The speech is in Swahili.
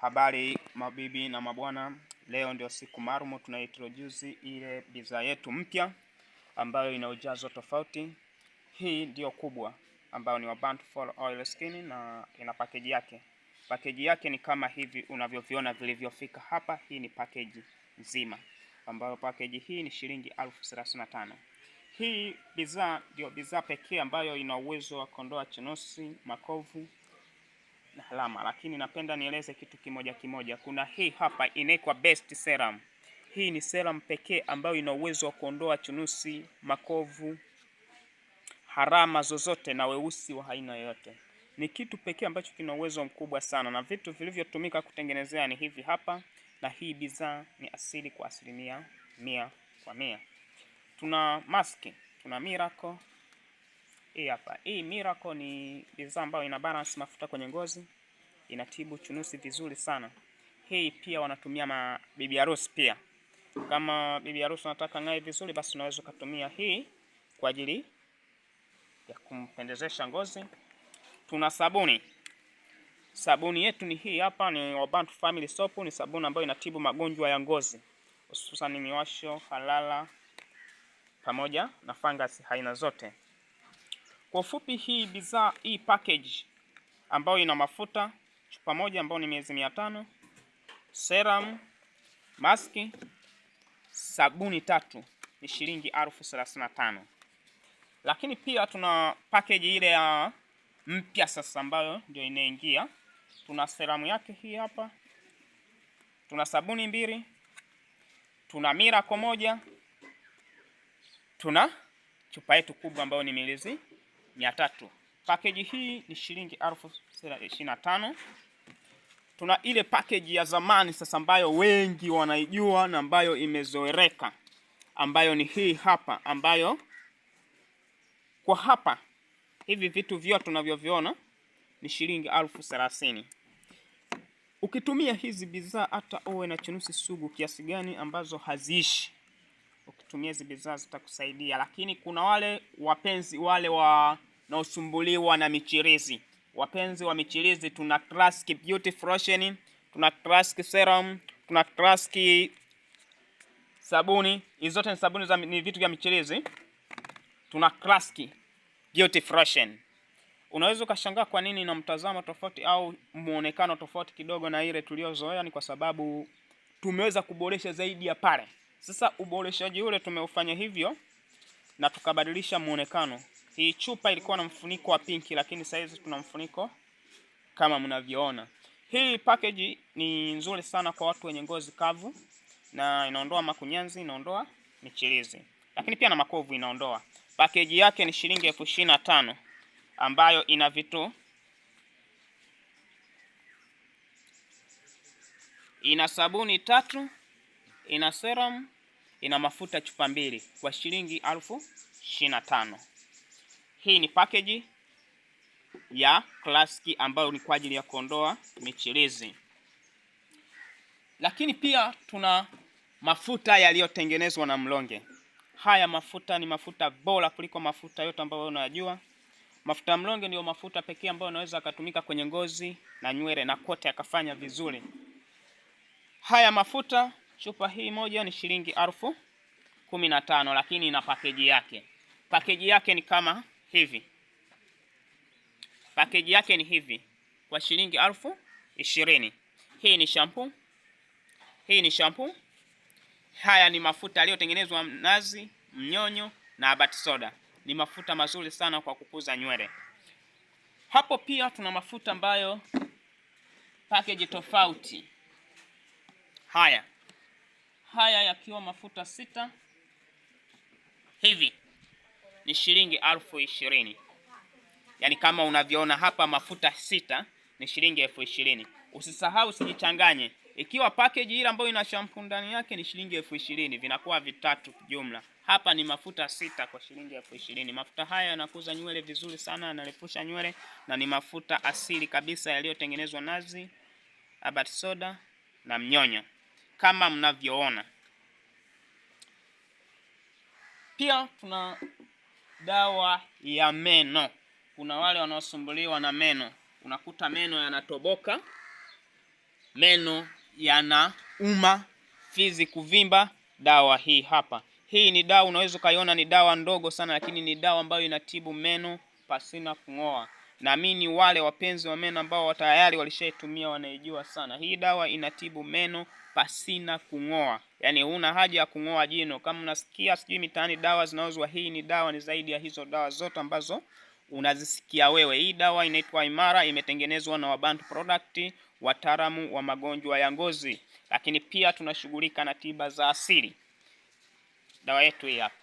Habari mabibi na mabwana, leo ndio siku marumu tunaitrojusi ile bidhaa yetu mpya ambayo ina ujazo tofauti. Hii ndio kubwa ambayo ni Wabantu Fall Oil Skin na ina pakeji yake. Pakeji yake ni kama hivi unavyoviona vilivyofika hapa. Hii ni pakeji nzima ambayo pakeji hii ni shilingi elfu thelathini na tano. Hii bidhaa ndio bidhaa pekee ambayo ina uwezo wa kondoa chunusi, makovu na alama, lakini napenda nieleze kitu kimoja kimoja. Kuna hii hapa inaitwa Best Serum. Hii ni serum pekee ambayo ina uwezo wa kuondoa chunusi, makovu, harama zozote na weusi wa aina yoyote. Ni kitu pekee ambacho kina uwezo mkubwa sana, na vitu vilivyotumika kutengenezea ni hivi hapa, na hii bidhaa ni asili kwa asilimia mia kwa mia. Tuna maski, tuna Miracle hii hapa hii Miracle ni bidhaa ambayo ina balance mafuta kwenye ngozi, inatibu chunusi vizuri sana. Hii pia wanatumia ma bibi harusi pia. Kama bibi harusi unataka ng'ae vizuri, basi unaweza ukatumia hii kwa ajili ya kumpendezesha ngozi. Tuna sabuni, sabuni yetu ni hii hapa, ni Wabantu Family Soap. Ni sabuni ambayo inatibu magonjwa ya ngozi hususan miwasho, halala pamoja na fangasi aina zote. Kwa ufupi, hii bidhaa hii package ambayo ina mafuta chupa moja ambayo ni miezi mia tano, serum, maski, sabuni tatu ni shilingi elfu thelathini na tano. Lakini pia tuna package ile ya mpya sasa ambayo ndio inaingia. Tuna seramu yake hii hapa, tuna sabuni mbili, tuna mira kwa moja, tuna chupa yetu kubwa ambayo ni mililita mia tatu. Package hii ni shilingi elfu ishirini na tano. Tuna ile package ya zamani sasa ambayo wengi wanaijua na ambayo imezoeleka ambayo ni hii hapa, ambayo kwa hapa hivi vitu vyote tunavyoviona ni shilingi elfu thelathini. Ukitumia hizi bidhaa hata uwe na chunusi sugu kiasi gani ambazo haziishi, ukitumia hizi bidhaa zitakusaidia, lakini kuna wale wapenzi wale wa unaosumbuliwa na michirizi. Wapenzi wa michirizi, tuna Classic Beauty Freshen, tuna Classic Serum, tuna Classic sabuni. Hizo zote ni sabuni za ni vitu vya michirizi. Tuna Classic Beauty Freshen. Unaweza ukashangaa kwa nini na mtazamo tofauti au muonekano tofauti kidogo na ile tuliyozoea, ni kwa sababu tumeweza kuboresha zaidi ya pale. Sasa uboreshaji ule tumeufanya hivyo na tukabadilisha muonekano. Hii chupa ilikuwa na mfuniko wa pinki, lakini sasa hizi tuna mfuniko kama mnavyoona. Hii package ni nzuri sana kwa watu wenye ngozi kavu na inaondoa makunyanzi, inaondoa michirizi, lakini pia na makovu inaondoa. Package yake ni shilingi elfu ishirini na tano ambayo ina vitu ina sabuni tatu, ina serum, ina mafuta chupa mbili kwa shilingi elfu ishirini na tano. Hii ni package ya Classic ambayo ni kwa ajili ya kuondoa michirizi, lakini pia tuna mafuta yaliyotengenezwa na Mlonge. Haya mafuta ni mafuta bora kuliko mafuta yote ambayo unayajua. Mafuta ya Mlonge ndiyo mafuta pekee ambayo unaweza akatumika kwenye ngozi na nywele na kote akafanya vizuri. Haya mafuta, chupa hii moja ni shilingi elfu kumi na tano, lakini ina pakeji yake. Pakeji yake ni kama hivi, pakeji yake ni hivi kwa shilingi elfu ishirini. Hii ni shampoo, hii ni shampoo. Haya ni mafuta yaliyotengenezwa nazi mnyonyo na abati soda. Ni mafuta mazuri sana kwa kukuza nywele. Hapo pia tuna mafuta ambayo package tofauti. Haya haya yakiwa mafuta sita hivi ni shilingi elfu ishirini. Yaani kama unavyoona hapa mafuta sita ni shilingi elfu ishirini. Usisahau usijichanganye. Ikiwa package ile ambayo ina shampoo ndani yake ni shilingi elfu ishirini, vinakuwa vitatu jumla. Hapa ni mafuta sita kwa shilingi elfu ishirini. Mafuta haya yanakuza nywele vizuri sana, yanarefusha nywele na ni mafuta asili kabisa yaliyotengenezwa nazi, abat soda na mnyonyo kama mnavyoona. Pia tuna Dawa ya meno. Kuna wale wanaosumbuliwa na meno, unakuta meno yanatoboka, meno yanauma, fizi kuvimba. Dawa hii hapa, hii ni dawa unaweza ukaiona ni dawa ndogo sana, lakini ni dawa ambayo inatibu meno pasina kung'oa. Naamini wale wapenzi wa meno ambao tayari walishaitumia wanaijua sana. Hii dawa inatibu meno pasina kung'oa, yaani huna haja ya kung'oa jino. Kama unasikia sijui mitaani dawa zinauzwa, hii ni dawa, ni zaidi ya hizo dawa zote ambazo unazisikia wewe. Hii dawa inaitwa Imara, imetengenezwa na Wabantu Product, wataalamu wa magonjwa ya ngozi, lakini pia tunashughulika na tiba za asili. Dawa yetu hii hapa.